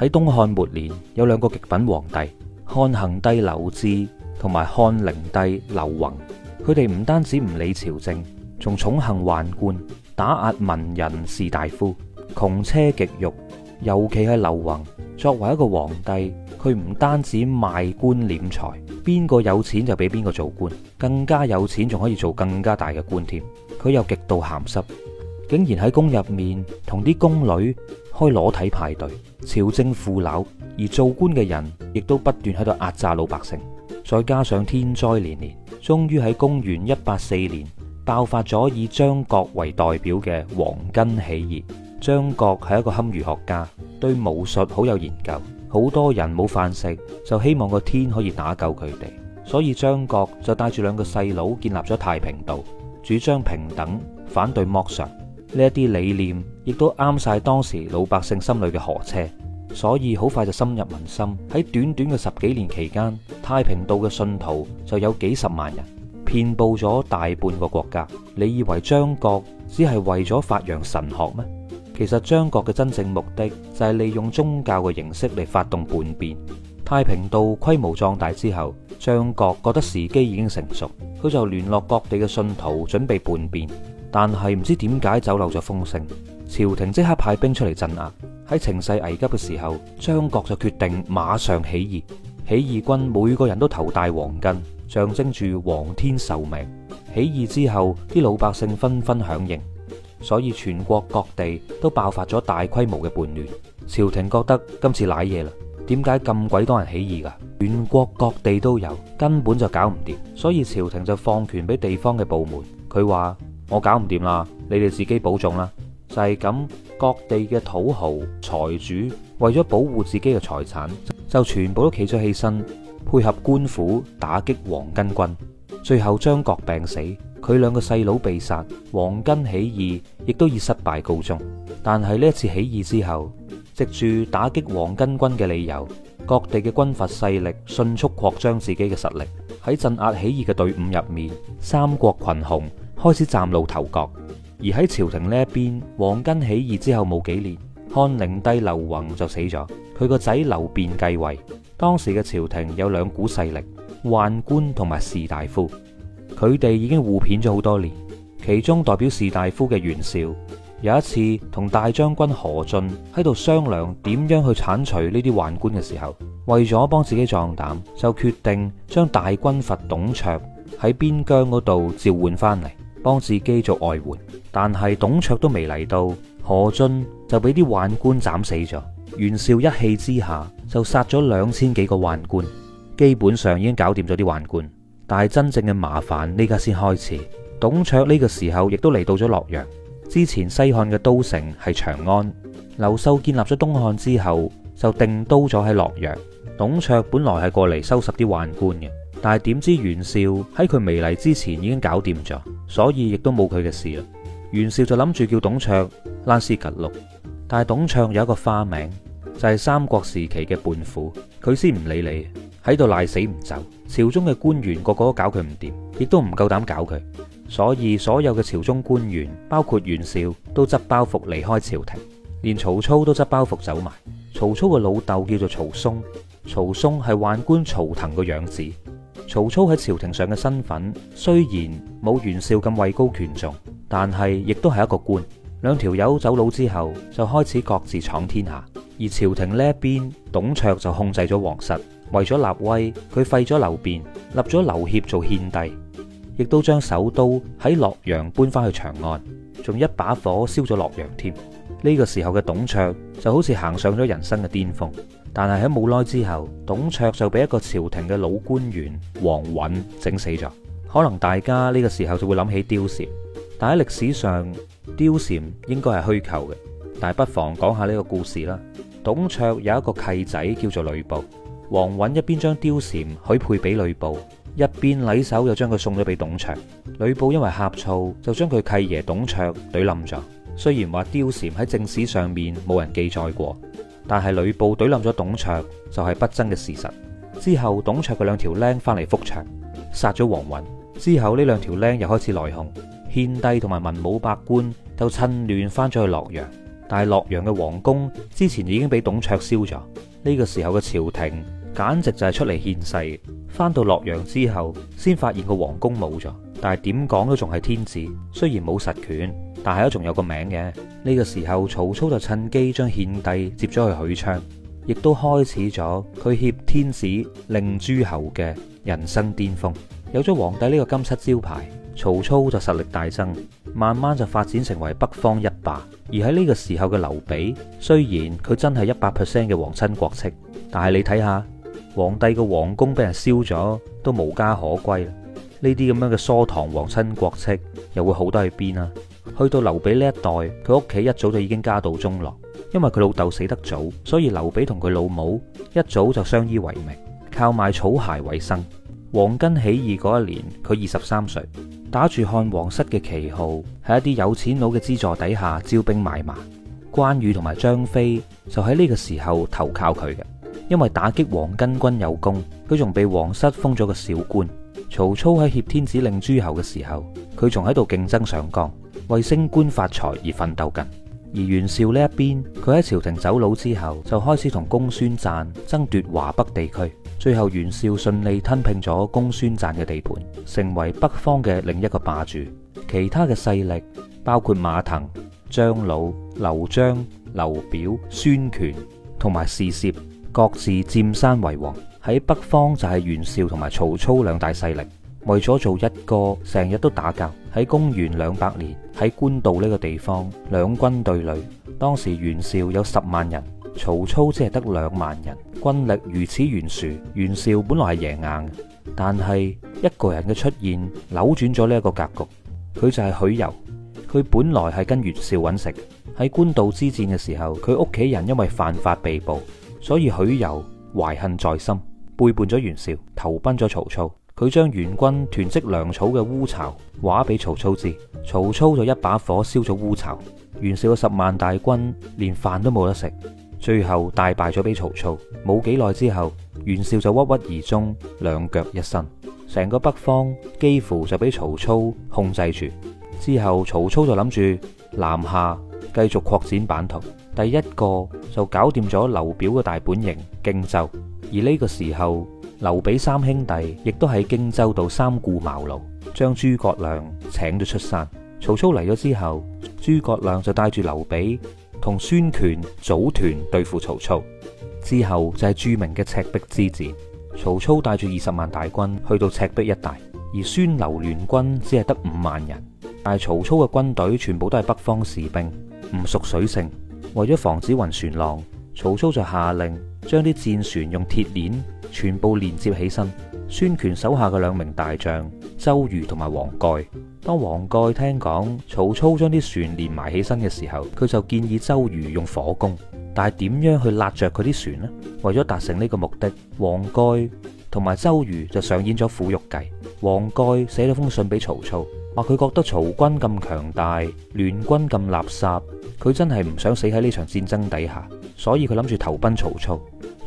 喺東漢末年，有兩個極品皇帝：漢桓帝劉志同埋漢靈帝劉宏。佢哋唔單止唔理朝政，仲寵幸宦官，打壓文人士大夫，窮奢極欲。尤其係劉宏，作為一個皇帝，佢唔單止賣官斂財，邊個有錢就俾邊個做官，更加有錢仲可以做更加大嘅官添。佢又極度鹹濕。竟然喺宮入面同啲宮女開裸體派對，朝政腐朽，而做官嘅人亦都不斷喺度壓榨老百姓。再加上天災連連，終於喺公元一八四年爆發咗以張角為代表嘅黃巾起義。張角係一個堪輿學家，對武術好有研究，好多人冇飯食就希望個天可以打救佢哋，所以張角就帶住兩個細佬建立咗太平道，主張平等，反對剝削。呢一啲理念亦都啱晒當時老百姓心裏嘅河車，所以好快就深入民心。喺短短嘅十幾年期間，太平道嘅信徒就有幾十萬人，遍布咗大半個國家。你以為張角只係為咗發揚神學咩？其實張角嘅真正目的就係利用宗教嘅形式嚟發動叛變。太平道規模壯大之後，張角覺得時機已經成熟，佢就聯絡各地嘅信徒準備叛變。但係唔知點解走漏咗風聲，朝廷即刻派兵出嚟鎮壓。喺情勢危急嘅時候，張國就決定馬上起義。起義軍每個人都頭戴黃巾，象徵住黃天受命。起義之後，啲老百姓紛紛響應，所以全國各地都爆發咗大規模嘅叛亂。朝廷覺得今次瀨嘢啦，點解咁鬼多人起義㗎？全國各地都有，根本就搞唔掂，所以朝廷就放權俾地方嘅部門。佢話。我搞唔掂啦，你哋自己保重啦。就係咁，各地嘅土豪財主為咗保護自己嘅財產，就全部都企咗起身配合官府打擊黃巾軍。最後張角病死，佢兩個細佬被殺，黃巾起義亦都以失敗告終。但係呢一次起義之後，藉住打擊黃巾軍嘅理由，各地嘅軍閥勢力迅速擴張自己嘅實力。喺鎮壓起義嘅隊伍入面，三國群雄開始嶄露頭角，而喺朝廷呢一邊，黃巾起義之後冇幾年，漢靈帝劉宏就死咗，佢個仔劉辯繼位。當時嘅朝廷有兩股勢力，宦官、同埋士大夫，佢哋已經互騙咗好多年。其中代表士大夫嘅袁紹有一次同大將軍何進喺度商量點樣去鏟除呢啲宦官嘅時候，為咗幫自己壯膽，就決定將大軍閥董卓喺邊疆嗰度召喚翻嚟。幫自己做外援，但係董卓都未嚟到，何進就俾啲宦官斬死咗。袁紹一氣之下就殺咗兩千幾個宦官，基本上已經搞掂咗啲宦官。但係真正嘅麻煩呢家先開始。董卓呢個時候亦都嚟到咗洛陽。之前西漢嘅都城係長安，劉秀建立咗東漢之後就定都咗喺洛陽。董卓本來係過嚟收拾啲宦官嘅，但係點知袁紹喺佢未嚟之前已經搞掂咗。所以亦都冇佢嘅事啦。袁紹就諗住叫董卓拉斯吉祿，但係董卓有一個花名，就係、是、三國時期嘅伴虎，佢先唔理你，喺度賴死唔走。朝中嘅官員個個都搞佢唔掂，亦都唔夠膽搞佢，所以所有嘅朝中官員，包括袁紹，都執包袱離開朝廷，連曹操都執包袱走埋。曹操嘅老豆叫做曹嵩，曹嵩係宦官曹騰嘅養子。曹操喺朝廷上嘅身份雖然冇袁紹咁位高權重，但係亦都係一個官。兩條友走佬之後，就開始各自闖天下。而朝廷呢一邊，董卓就控制咗皇室，為咗立威，佢廢咗劉辯立咗劉協做獻帝，亦都將首都喺洛陽搬翻去長安，仲一把火燒咗洛陽添。呢、這個時候嘅董卓就好似行上咗人生嘅巔峰。但係喺冇耐之後，董卓就俾一個朝廷嘅老官員王允整死咗。可能大家呢個時候就會諗起貂蟬，但喺歷史上，貂蟬應該係虛構嘅。但係不妨講下呢個故事啦。董卓有一個契仔叫做呂布，王允一邊將貂蟬許配俾呂布，一邊禮手又將佢送咗俾董卓。呂布因為呷醋，就將佢契爺董卓懟冧咗。雖然話貂蟬喺正史上面冇人記載過。但係呂布懟冧咗董卓就係不爭嘅事實。之後董卓嘅兩條僆翻嚟復牆，殺咗王允。之後呢兩條僆又開始內訌，獻帝同埋文武百官就趁亂翻咗去洛陽。但係洛陽嘅皇宮之前已經俾董卓燒咗。呢個時候嘅朝廷簡直就係出嚟獻世。翻到洛陽之後，先發現個皇宮冇咗。但係點講都仲係天子，雖然冇實權。但係都仲有個名嘅。呢個時候，曹操就趁機將獻帝接咗去許昌，亦都開始咗佢挾天子令諸侯嘅人生巔峰。有咗皇帝呢個金漆招牌，曹操就實力大增，慢慢就發展成為北方一霸。而喺呢個時候嘅劉備，雖然佢真係一百 percent 嘅皇親國戚，但係你睇下皇帝嘅皇宮俾人燒咗，都無家可歸。呢啲咁樣嘅疏唐皇親國戚又會好得去邊啊？去到劉備呢一代，佢屋企一早就已經家道中落，因為佢老豆死得早，所以劉備同佢老母一早就相依為命，靠賣草鞋為生。黃巾起義嗰一年，佢二十三歲，打住漢皇室嘅旗號，喺一啲有錢佬嘅資助底下招兵買馬。關羽同埋張飛就喺呢個時候投靠佢嘅，因為打擊黃巾軍有功，佢仲被皇室封咗個小官。曹操喺挾天子令諸侯嘅時候，佢仲喺度競爭上崗。為升官發財而奮鬥緊，而袁紹呢一邊，佢喺朝廷走佬之後，就開始同公孫瓚爭奪華北地區。最後袁紹順利吞併咗公孫瓚嘅地盤，成為北方嘅另一個霸主。其他嘅勢力包括馬騰、張魯、劉璋、劉表、孫權同埋士燮，各自佔山為王。喺北方就係袁紹同埋曹操兩大勢力，為咗做一個成日都打架。喺公元兩百年。喺官渡呢個地方，兩軍對壘，當時袁紹有十萬人，曹操只係得兩萬人，軍力如此懸殊，袁紹本來係贏硬，但係一個人嘅出現扭轉咗呢一個格局，佢就係許攸，佢本來係跟袁紹搵食，喺官渡之戰嘅時候，佢屋企人因為犯法被捕，所以許攸懷恨在心，背叛咗袁紹，投奔咗曹操。佢將袁軍囤積糧草嘅烏巢話俾曹操知，曹操就一把火燒咗烏巢，袁紹嘅十萬大軍連飯都冇得食，最後大敗咗俾曹操。冇幾耐之後，袁紹就鬱鬱而終，兩腳一伸，成個北方幾乎就俾曹操控制住。之後曹操就諗住南下繼續擴展版圖，第一個就搞掂咗劉表嘅大本營荊州，而呢個時候。劉備三兄弟亦都喺荊州度三顧茅廬，將諸葛亮請咗出山。曹操嚟咗之後，諸葛亮就帶住劉備同孫權組團對付曹操。之後就係著名嘅赤壁之戰。曹操帶住二十萬大軍去到赤壁一帶，而孫劉聯軍只係得五萬人。但係曹操嘅軍隊全部都係北方士兵，唔熟水性。為咗防止暈船浪，曹操就下令。將啲戰船用鐵鏈全部連接起身。孫權手下嘅兩名大將周瑜同埋黃蓋。當黃蓋聽講曹操將啲船連埋起身嘅時候，佢就建議周瑜用火攻。但係點樣去焫着佢啲船呢？為咗達成呢個目的，黃蓋同埋周瑜就上演咗苦肉計。黃蓋寫咗封信俾曹操，話佢覺得曹軍咁強大，聯軍咁垃圾，佢真係唔想死喺呢場戰爭底下。所以佢諗住投奔曹操，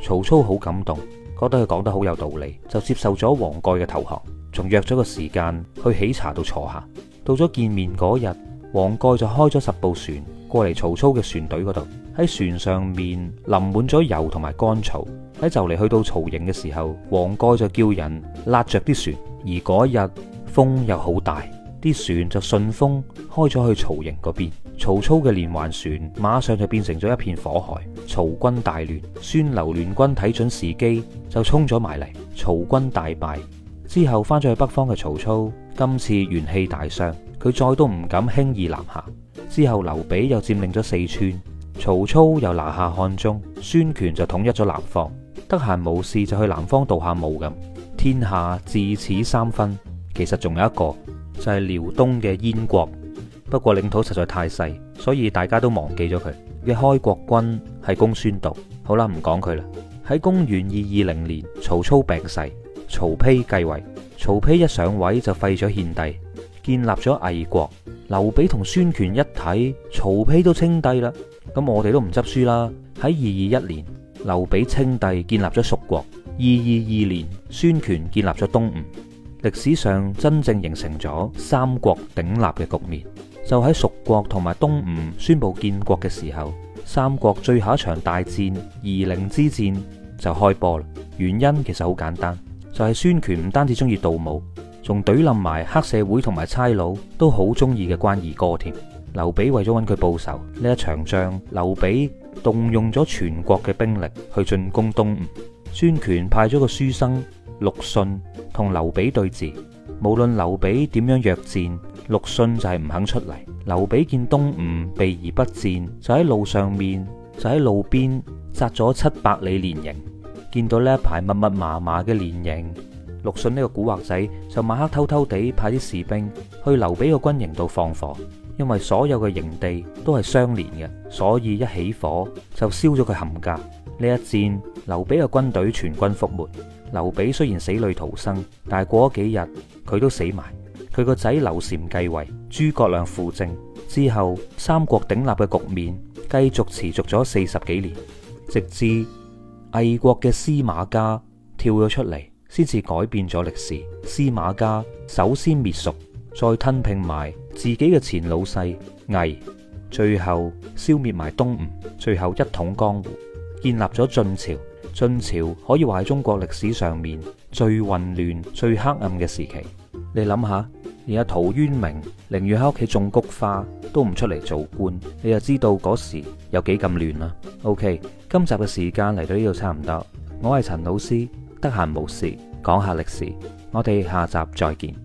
曹操好感動，覺得佢講得好有道理，就接受咗黃蓋嘅投降，仲約咗個時間去喜茶度坐下。到咗見面嗰日，黃蓋就開咗十部船過嚟曹操嘅船隊嗰度，喺船上面淋滿咗油同埋乾草。喺就嚟去到曹營嘅時候，黃蓋就叫人拉着啲船，而嗰一日風又好大，啲船就順風開咗去曹營嗰邊。曹操嘅連環船馬上就變成咗一片火海，曹軍大亂，孫劉聯軍睇準時機就衝咗埋嚟，曹軍大敗。之後翻咗去北方嘅曹操，今次元氣大傷，佢再都唔敢輕易南下。之後劉備又佔領咗四川，曹操又拿下漢中，孫權就統一咗南方。得閒無事就去南方度下霧咁。天下自此三分，其實仲有一個就係、是、遼東嘅燕國。不過領土實在太細，所以大家都忘記咗佢嘅開國君係公孫度。好啦，唔講佢啦。喺公元二二零年，曹操病逝，曹丕繼位。曹丕一上位就廢咗獻帝，建立咗魏國。劉備同孫權一睇，曹丕都稱帝啦，咁我哋都唔執輸啦。喺二二一年，劉備稱帝，建立咗蜀國。二二二年，孫權建立咗東吳。歷史上真正形成咗三國鼎立嘅局面。就喺蜀國同埋東吳宣布建國嘅時候，三國最後一場大戰——夷陵之戰就開波啦。原因其實好簡單，就係、是、孫權唔單止中意盜墓，仲懟冧埋黑社會同埋差佬都好中意嘅關二哥添。劉備為咗揾佢報仇，呢一場仗，劉備動用咗全國嘅兵力去進攻東吳。孫權派咗個書生陸遜同劉備對峙。無論劉備點樣約戰，陸遜就係唔肯出嚟。劉備見東吳避而不戰，就喺路上面就喺路邊紮咗七百里連營。見到呢一排密密麻麻嘅連營，陸遜呢個古惑仔就晚黑偷偷地派啲士兵去劉備個軍營度放火。因為所有嘅營地都係相連嘅，所以一起火就燒咗佢冚甲。呢一戰，劉備嘅軍隊全軍覆沒。劉備雖然死裏逃生，但係過咗幾日佢都死埋，佢個仔劉禪繼位，諸葛亮輔政之後，三國鼎立嘅局面繼續持續咗四十幾年，直至魏國嘅司馬家跳咗出嚟，先至改變咗歷史，司馬家首先滅蜀，再吞併埋自己嘅前老細魏，最後消滅埋東吳，最後一統江湖，建立咗晉朝。晉朝可以話係中國歷史上面最混亂、最黑暗嘅時期。你諗下，連陶淵明寧願喺屋企種菊花都唔出嚟做官，你就知道嗰時有幾咁亂啦。OK，今集嘅時間嚟到呢度差唔多，我係陳老師，得閒無事講下歷史，我哋下集再見。